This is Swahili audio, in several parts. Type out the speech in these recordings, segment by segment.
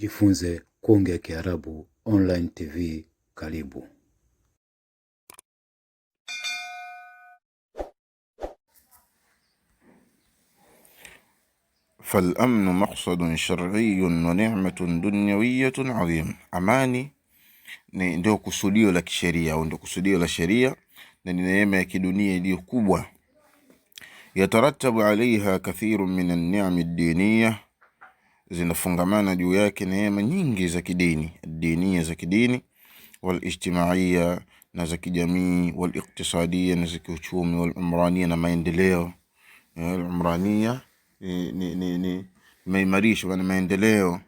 Jifunze kuongea Kiarabu Online TV karibu. Falamnu maqsadun shariyun wa ni'matun dunyawiyatun adhim, amani ni ndio kusudio la kisheria au ndio kusudio la sheria na ni neema ya kidunia iliyo kubwa. Yataratabu alaiha kathirun min an-ni'am ad-diniyah zinafungamana juu yake neema nyingi za kidini, dinia za kidini, walijtimaiya na za kijamii, waliktisadia na za kiuchumi, walumrania na maendeleo. Umrania eh, ni maimarisho na yaani maendeleo.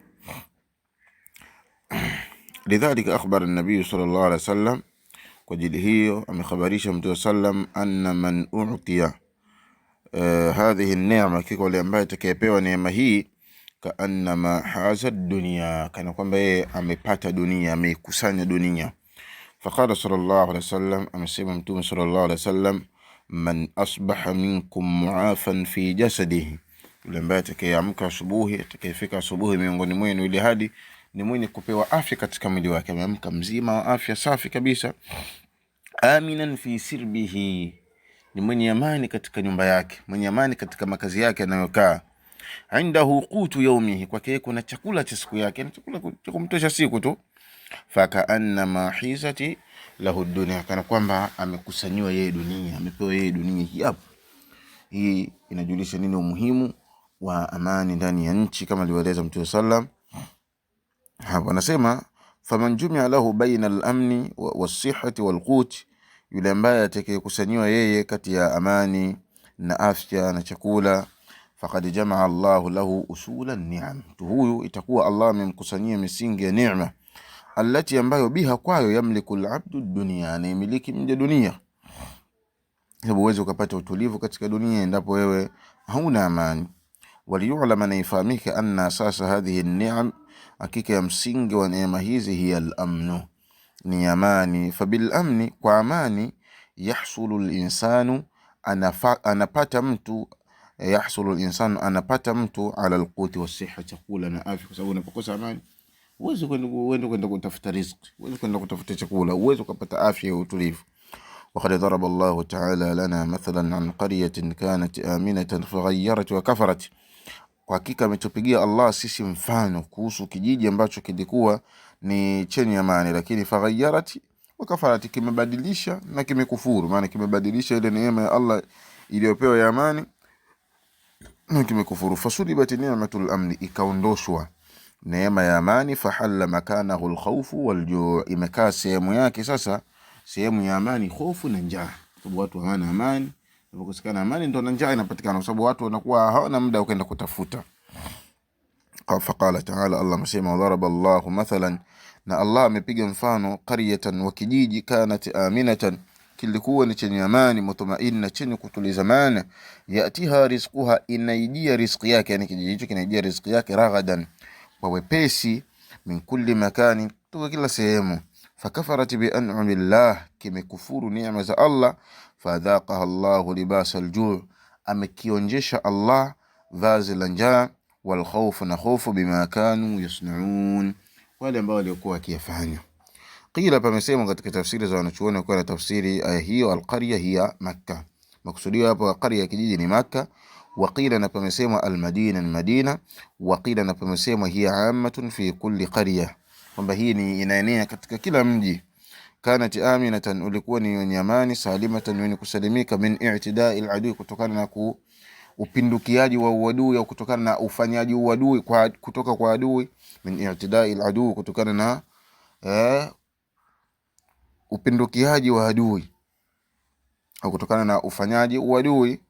Lidhalika akhbara nabiyu sallallahu alaihi wasallam, kwa ajili hiyo amekhabarisha mtume sallam, anna man utiya eh, hadhihi neema, kiko wale ambaye atakayepewa neema hii kaannama haza dunia, kana kwamba yeye amepata dunia, ameikusanya dunia. Faqala sallallahu alaihi wasallam, amesema Mtume sallallahu alaihi wasallam, man asbaha minkum muafan fi jasadihi, yule ambaye atakayeamka asubuhi, atakayefika asubuhi miongoni mwenu, ili hadi ni mwenye kupewa afya katika mwili wake, ameamka mzima wa afya safi kabisa. Aminan fi sirbihi, ni mwenye amani katika nyumba yake, mwenye amani katika makazi yake anayokaa indahu qutu yaumihi, kwake kuna chakula cha siku yake, na chakula cha kumtosha siku tu. Fakaannama hisati lahu dunia, kana kwamba amekusanyiwa yeye dunia, amepewa yeye dunia Hapo Hii inajulisha nini? Umuhimu wa amani ndani ya nchi, kama alivyoeleza Mtume sallam hapo anasema faman jumia lahu baina al-amni was-sihhati wal-qut, yule ambaye atakayekusanyiwa yeye kati ya amani na afya na chakula faqad jamaa Allahu lahu usula ni'am, mtu huyu itakuwa Allah amemkusanyia misingi ya neema, alati ambayo biha kwayo yamliku alabdu dunia, anaimiliki mja dunia. Hebu uweze ukapata utulivu katika dunia endapo wewe hauna amani. Waliyulama, naifahamika, anna sasa hadhihi ni'am, hakika ya msingi wa neema hizi, hiya al-amnu, ni amani. Fabil amni, kwa amani, yahsulu al-insanu, anapata mtu yahsulu al anapata mtu ala al-quti wa siha, chakula na afya, kwa sababu unapokosa amani uwezi kwenda kutafuta riziki, uwezi kwenda kutafuta chakula, uwezi kupata afya ya utulivu. Waqad daraba Allahu ta'ala lana mathalan an qaryatin kanat aminatan faghayyarat wa kafarat, kwa hakika ametupigia Allah sisi mfano kuhusu kijiji ambacho kilikuwa ni chenye amani, lakini faghayyarat wa kafarati, kimebadilisha na kimekufuru, maana kimebadilisha ile neema ya Allah iliyopewa ya amani na kimekufuru. Fasulibat ni'matul amni, ikaondoshwa neema ya amani. Fahalla makanahu alkhawfu waljuu, imekaa sehemu yake sasa, sehemu ya amani hofu na njaa, sababu watu hawana amani. Inapokosekana amani, ndo na njaa inapatikana, kwa sababu watu wanakuwa hawana muda kwenda kutafuta. Faqala taala, Allah amesema, wadharaba Allahu mathalan, na Allah amepiga mfano qaryatan, wa kijiji, kanat aminatan kilikuwa ni chenye amani mutumaini na chenye kutuliza. Maana yatiha rizquha, inaijia riziki yake, yani kijiji hicho kinaijia riziki yake ragadan, kwa wepesi, min kulli makani, kutoka kila sehemu. Fakafarat bi an'ami llah, kimekufuru neema za Allah. Fadhaqaha llahu libas aljuu, amekionjesha Allah vazi la njaa, wal khawfu na khofu, bima kanu yasnaun, wale ambao walikuwa wakiyafanya Qila, pamesemwa katika tafsiri za wanachuoni kuwa na tafsiri aya eh, hiyo alqarya hiya Makka, maksudio hapo alqarya kijiji ni Makka. qila na pamesema almadina ni Madina. qila na pamesema hiya ammatun fi kulli qarya, kwamba hii ni inaenea katika kila mji. Kanat aminatan, ulikuwa ni wenye amani. Salimatan, wenye kusalimika. Min i'tidai aladui, kutokana na ku upindukiaji wa uadui au kutokana na ufanyaji uadui kwa kutoka kwa adui. Min i'tidai aladui, kutokana na eh, upindukiaji wa adui au kutokana na ufanyaji uadui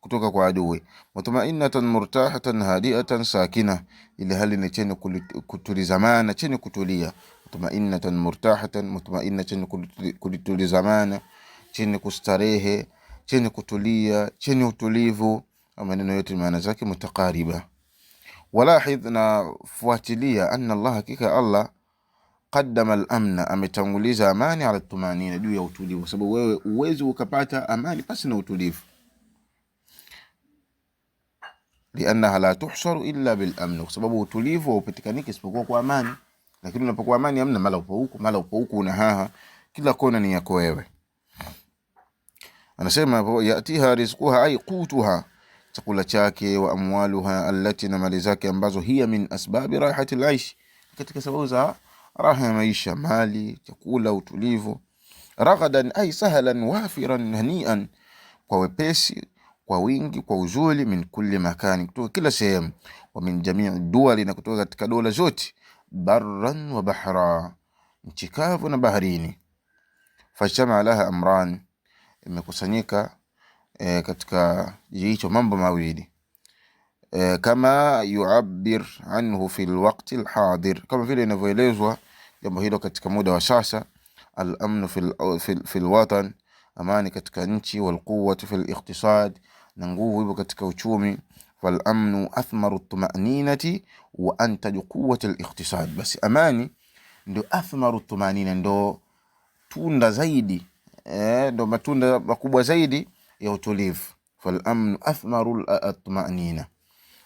kutoka kwa adui. Mutmainatan murtahatan hadiatan sakina, ile hali ni chenye kutulizamana chenye kutulia. Mutmainatan murtahatan, mutmaina chenye kulitulizamana chenye kustarehe chenye kutulia chenye utulivu. Maneno yote maana zake mutakariba. Walahidh, na fuatilia, anna Allah, hakika Allah qaddama al-amna, ametanguliza amani ala tumanina, juu ya utulivu, kwa sababu wewe uwezi ukapata amani pasi na utulivu. Liannaha la tuhsaru illa bil amn, kwa sababu utulivu haupatikaniki isipokuwa kwa amani. Lakini unapokuwa amani amna, mala upo huku, mala upo huku, una haha, kila kona ni yako wewe. Anasema hapo, yatiha rizquha ay qutuha chakula chake wa amwaluha allati, na mali zake ambazo hiya min asbabi raihati al-aish, katika sababu za raha ya maisha, mali, chakula, utulivu. Raghadan ay sahlan wafiran hanian, kwa wepesi, kwa wingi, kwa uzuri. Min kulli makani, kutoka kila sehemu. Wa min jamii duwali, na kutoka katika dola zote. Barran wa bahra, nchi kavu na baharini. Fashtama laha amran, imekusanyika e, katika jiji hicho mambo mawili e, kama yuabir anhu fi lwaqti lhadir, kama vile inavyoelezwa jambo hilo katika muda wa sasa, al-amnu fil watan, amani katika nchi, walquwatu fil iqtisad, na nguvu ipo katika uchumi. Falamnu athmaru tumaninati wa antaju quwwat al-iqtisad, basi amani ndio athmaru tumanina, ndo tunda zaidi eh, ndo matunda makubwa zaidi ya utulivu. Falamnu athmaru tumanina,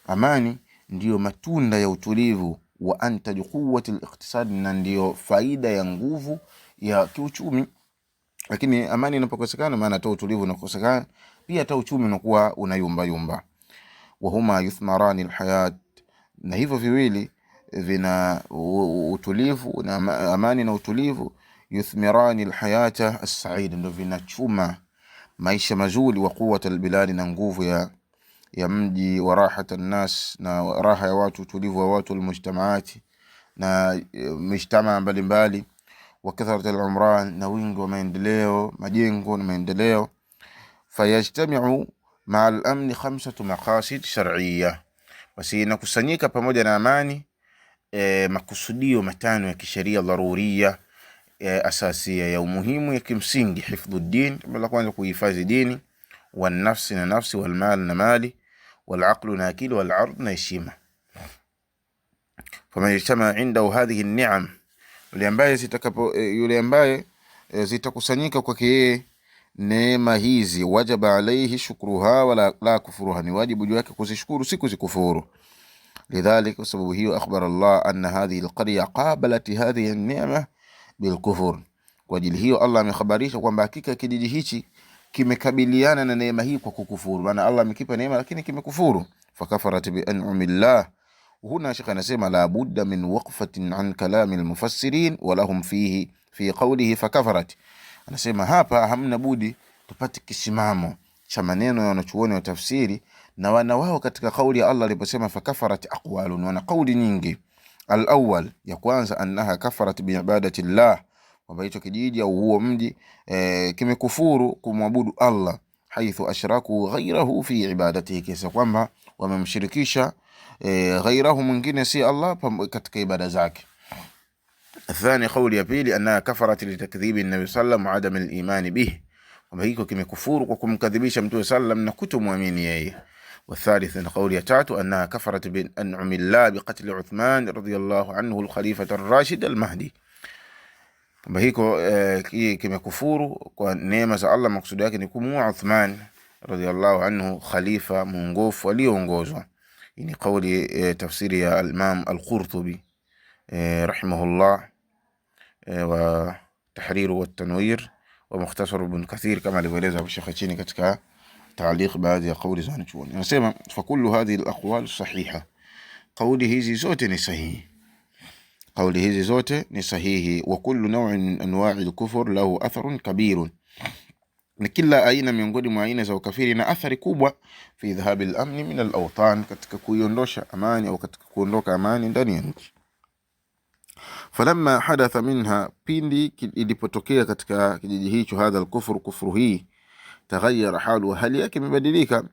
amani ndiyo matunda ya utulivu wa antaj quwwati al-iqtisad, na ndio faida ya nguvu ya kiuchumi. Lakini amani inapokosekana, maana hata utulivu unakosekana, pia hata uchumi unakuwa unayumba yumba. Wahuma yuthmarani alhayat, na hivyo viwili vina utulivu na amani na utulivu, yuthmirani alhayata as-saida, ndio vinachuma maisha mazuri, wa quwwat albiladi, na nguvu ya ya mji wa rahat annas, na raha ya watu, utulivu wa watu, almujtamaati, na e, mujtamaa mbalimbali, wa kathrat alumran, na wingi wa maendeleo, majengo na maendeleo. Fayajtamiu maa alamni khamsatu maqasid shar'iyya, basi inakusanyika pamoja na amani e, makusudio matano ya kisheria dharuriya e, asasia ya umuhimu ya kimsingi: hifdhu ddin, kwanza kuhifadhi dini, wanafsi na nafsi, walmal na mali walaqlu na akili, walard na heshima. Faman ijtamaa indahu hadhihi ni'am, yule ambaye zitakapo, eh, yule ambaye eh, zitakusanyika kwake yeye neema hizi, wajaba alaihi shukruha wala la kufuruha, ni wajibu juu yake kuzishukuru si kuzikufuru. Lidhalik, kwa sababu hiyo, akhbara Allah anna hadhihi alqarya qabalat hadhihi an-ni'ma bilkufur, kwa ajili hiyo Allah amekhabarisha kwamba hakika kijiji hichi kimekabiliana na neema hii kwa kukufuru. Maana Allah amekipa neema lakini kimekufuru, fakafarat bi an'amillah. Huna shekh anasema la budda min waqfatin an kalami almufassirin wa lahum fihi fi qawlihi fakafarat. Anasema hapa hamna budi tupate kisimamo cha maneno ya wanachuoni wa tafsiri na wana wao katika kauli ya Allah aliposema fakafarat aqwalun, wana kauli nyingi. Al awwal, ya kwanza, annaha kafarat bi ibadati llah kwamba hicho kijiji au huo mji e, kimekufuru kumwabudu Allah, haithu ashraku ghairahu fi ibadatihi, kiasi kwamba wamemshirikisha e, ghairahu mwingine si Allah katika ibada zake. Athani, kauli ya pili, annaha kafarat litakdhibi nabii sallam wa adam al-iman bih, kwamba hiko kimekufuru kwa kumkadhibisha mtume sallam na kutomwamini yeye. والثالث من قول يتعت أنها كفرت بأنعم الله بقتل عثمان رضي الله عنه الخليفة الراشد المهدي kwamba hiko e, kimekufuru kwa neema za Allah. Maksudi yake ni kumua Uthman radhiallahu anhu khalifa mwongofu aliyeongozwa. Hii ni kauli e, tafsiri ya Imam Al-Qurtubi e, rahimahullah e, wa tahriru wa tanwir wa mukhtasar Ibn Kathir kama alivyoeleza hapo shekhe chini katika taaliq baadhi ya kauli za wanachuoni. Anasema fa kullu hadhihi al-aqwal sahiha, kauli hizi zote ni sahihi Kauli hizi zote ni sahihi. Wa kullu naw'in min anwa'i al lahu atharun kabirun, na kila aina miongoni mwa aina za ukafiri na athari kubwa. Fi dhahabi al min al katika kuiondosha amani au katika kuondoka amani ndani ya nchi. Falamma hadatha minha, pindi ilipotokea katika kijiji hicho, hadha al kufru hii, taghayyara halu, hali yake imebadilika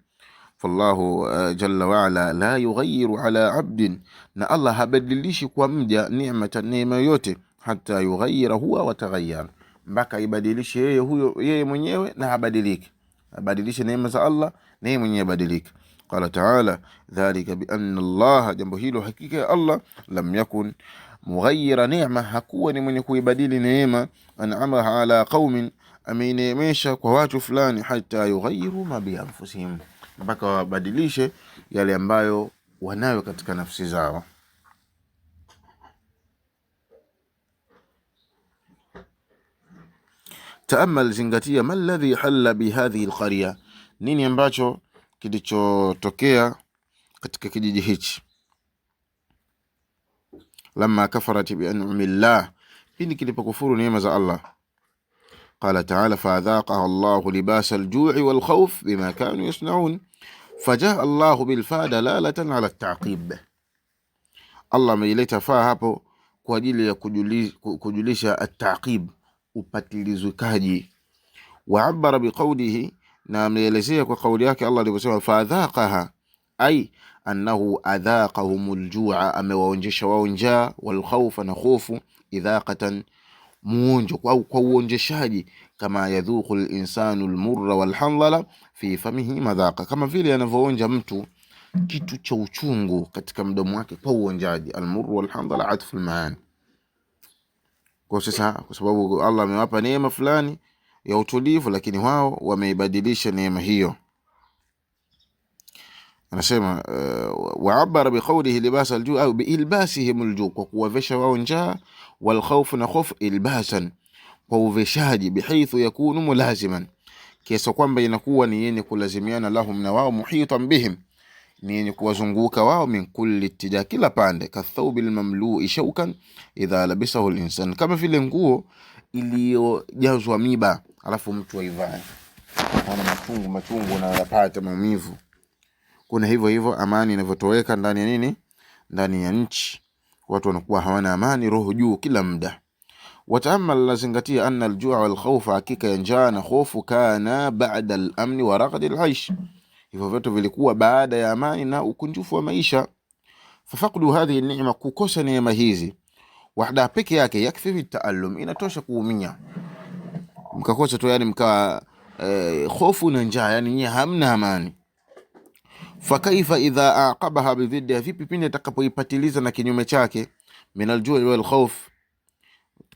فالله آه، جل وعلا لا يغير على عبد نا الله هبدلش كوام نعمة نعمة يوت حتى يغير هو وتغير مبكا يبدلش هي هو يي من يوي نا هبدلك هبدلش نعمة الله نعمة يبدلك قال تعالى ذلك بأن الله جنبهيل حقيقة الله لم يكن مغير نعمة هكون من يكون يبدل نعمة أنعمها على قوم أمين ميشا كوات فلان حتى يغيروا ما بأنفسهم mpaka wabadilishe yale ambayo wanayo katika nafsi zao. Taamal, zingatia ma ladhi hala bihadhihi lqarya, nini ambacho kilichotokea katika kijiji hichi. Lama kafarat bianumi llah, pindi kilipokufuru neema za Allah. Qala taala faadhaqaha llahu libasa ljui walkhauf bima kanu yasnaun fajaa allahu bilfaa dalalatan ala taqib, Allah ameileta faa hapo kwa ajili ya kujulisha ataqib, upatilizikaji. Wa abara biqaulihi, na ameelezea kwa kauli yake Allah alivyosema, fadhaqaha ai annahu adhaqahum ljua, amewaonjesha wao njaa, walkhaufa na khofu, idhaqatan muonjo au kwa uonjeshaji, kama yadhuku linsanu lmurra walhandala fi famihi madhaka kama vile anavyoonja mtu kitu cha uchungu katika mdomo wake kwa uonjaji. Almurra walhandala atfu lmaani. Kwa sasa, kwa sababu Allah amewapa neema fulani ya utulivu, lakini wao wameibadilisha neema hiyo anasema uh, eh, waabara biqaulihi libasa ljuu au biilbasihim ljuu, kwa kuwavesha wao njaa, walkhaufu na khofu ilbasan kwa uveshaji, bihithu yakunu mulaziman, kiasa kwamba inakuwa ni yenye kulazimiana, lahum na wao, muhitan bihim, ni yenye kuwazunguka wao, min kulli tija, kila pande, kathaubi lmamlui shaukan idha labisahu linsan, kama vile nguo iliyojazwa miba alafu mtu aivae, ana machungu machungu na yapata maumivu kuna hivyo hivyo amani inavyotoweka ndani ya nini, ndani ya nchi, watu wanakuwa hawana amani, roho juu kila muda. Wataamal, nazingatia anna aljua wal khawf, hakika ya njaa na hofu, kana baada alamni wa raqd alaish, hivyo vyote vilikuwa baada ya amani na ukunjufu wa maisha. Fafaqdu hadhihi ni'ma, kukosa neema hizi wahda peke yake, yakfi fi taallum, inatosha kuumia, mkakosa tu yani mkawa eh, hofu na njaa, yani nyie hamna amani Fakaifa idha aqabaha bidhiddiha, vipi pindi atakapoipatiliza na kinyume chake. Min aljui wal khawf,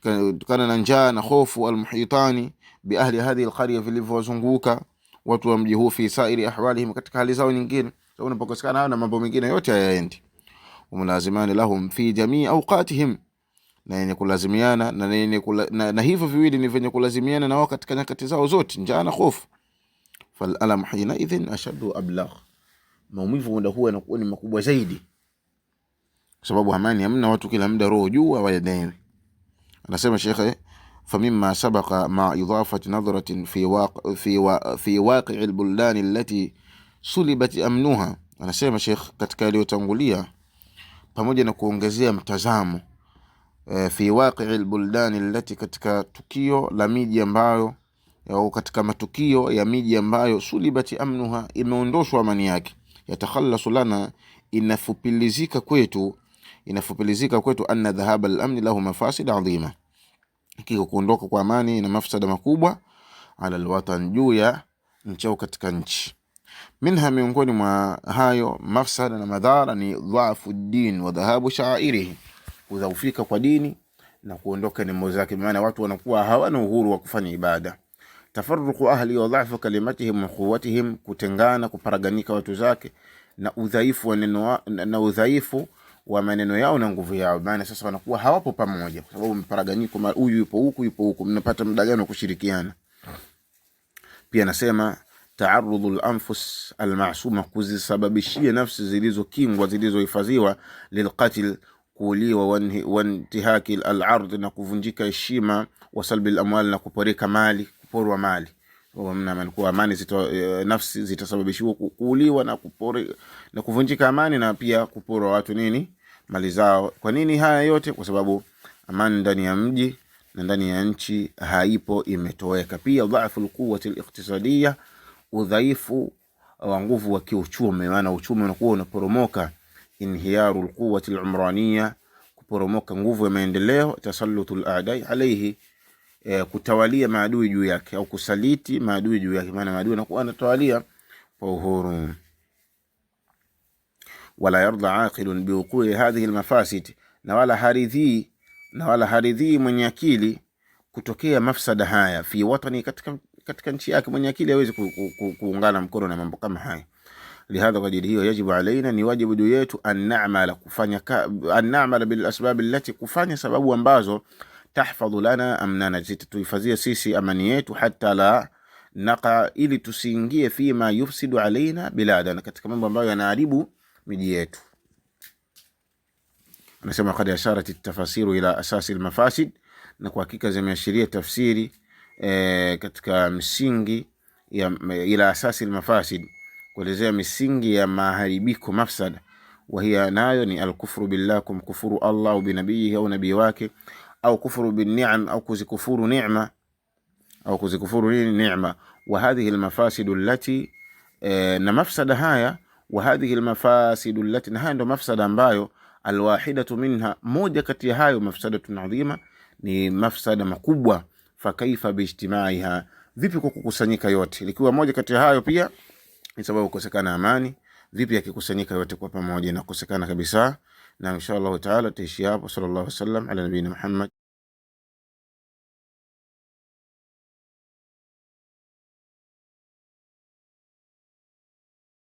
kutokana na njaa na hofu. Almuhitani bi ahli hadhihi alqarya, vilivyozunguka watu wa mji huu. Fi sairi ahwalihim, katika hali zao nyingine. Sasa unapokosekana hayo na mambo mengine yote hayaendi. Umlazimani lahum fi jamii awqatihim, na yenye kulazimiana na, kula, na, na hivyo viwili ni vyenye kulazimiana na wao katika nyakati zao zote, njaa na hofu. Falalam hina idhin ashaddu ablagh maumivu muda huo yanakuwa ni makubwa zaidi, kwa sababu amani hamna, watu kila muda roho juu awaenewi. Anasema shekhe famima sabaka ma idafati nadhratin fi waq fi wa, fi waqi albuldan allati sulibat amnuha. Anasema shekh, katika yaliyotangulia pamoja na kuongezea mtazamo e, fi waqi albuldan allati, katika tukio la miji ambayo au katika matukio ya miji ambayo sulibati amnuha, imeondoshwa amani yake yatakhallasu lana, inafupilizika kwetu, inafupilizika kwetu anna dhahaba al-amni lahu mafasid adhima, kiko kuondoka kwa amani na mafsada makubwa ala alwatan, juu ya nchi au katika nchi. Minha, miongoni mwa hayo mafsada na madhara ni dhaafu din wa dhahabu shaairihi kudhaufika kwa dini na kuondoka nembo zake, maana watu wanakuwa hawana uhuru wa kufanya ibada tafaruku ahli wa dhaifu kalimatihim wa quwwatihim, kutengana kuparaganika watu zake na udhaifu wa neno na udhaifu wa maneno yao na nguvu yao. Maana sasa wanakuwa hawapo pamoja kwa sababu mparaganyiko, huyu yupo huku, yupo huku, mnapata muda gani wa kushirikiana? Pia nasema taarudhu lanfus almasuma, kuzisababishia nafsi zilizokingwa zilizohifadhiwa, lilqatil kuuliwa, wantihaki alardhi, na kuvunjika heshima, wasalbi lamwali, na kuporeka mali kuporwa mali kuwa amani zito, e, nafsi zitasababishiwa kuuliwa na kupori, na kuvunjika amani na pia kuporwa watu nini mali zao. Kwa nini haya yote? Kwa sababu amani ndani ya mji na ndani ya nchi haipo, imetoweka. Pia dhaifu quwwati liktisadia, udhaifu wa nguvu wa kiuchumi, maana uchumi unakuwa unaporomoka. Inhiyaru al lumrania, kuporomoka nguvu ya maendeleo. Tasalutu al alaihi e, kutawalia maadui juu yake au kusaliti maadui juu yake, maana maadui anakuwa anatawalia kwa uhuru. Wala yarda aqilun biwuqui hadhihi almafasid, na wala haridhi na wala haridhi mwenye akili kutokea mafsada haya fi watani, katika, katika nchi yake. Mwenye akili hawezi ku, ku, ku, kuungana mkono na mambo kama haya. Lihadha, kwa ajili hiyo, yajibu alaina, ni wajibu juu yetu, an namala kufanya, an namala bil asbab allati, kufanya sababu ambazo tahfadhu lana amnana, zitatuhifadhia sisi amani yetu, hata la naqa, ili tusiingie fima yufsidu alaina biladana, katika mambo ambayo yanaharibu miji yetu. Anasema kad asharat tafasiru ila asasi almafasid, na kwa hakika zimeashiria tafsiri e, katika msingi ya, ila asasi almafasid, kuelezea misingi ya maharibiko mafsada, wahiya nayo ni alkufru billah, kumkufuru Allah au binabiihi au nabii wake au kufuru binniam, au kuzikufuru nima au kuzikufuru nima Wa hadhihi almafasidu allati, eh, na mafsada haya. Wa hadhihi almafasidu allati, na haya ndo mafsada ambayo alwahidatu minha, moja kati ya hayo mafsadatun adhima, ni mafsada makubwa. Fakaifa biijtimaiha, vipi kwa kukusanyika yote, likiwa moja kati ya hayo pia ni sababu kukosekana amani. Vipi akikusanyika yote kwa pamoja, na kukosekana kabisa نعم إن شاء الله تعالى تيشياب وصلى الله وسلم على نبينا محمد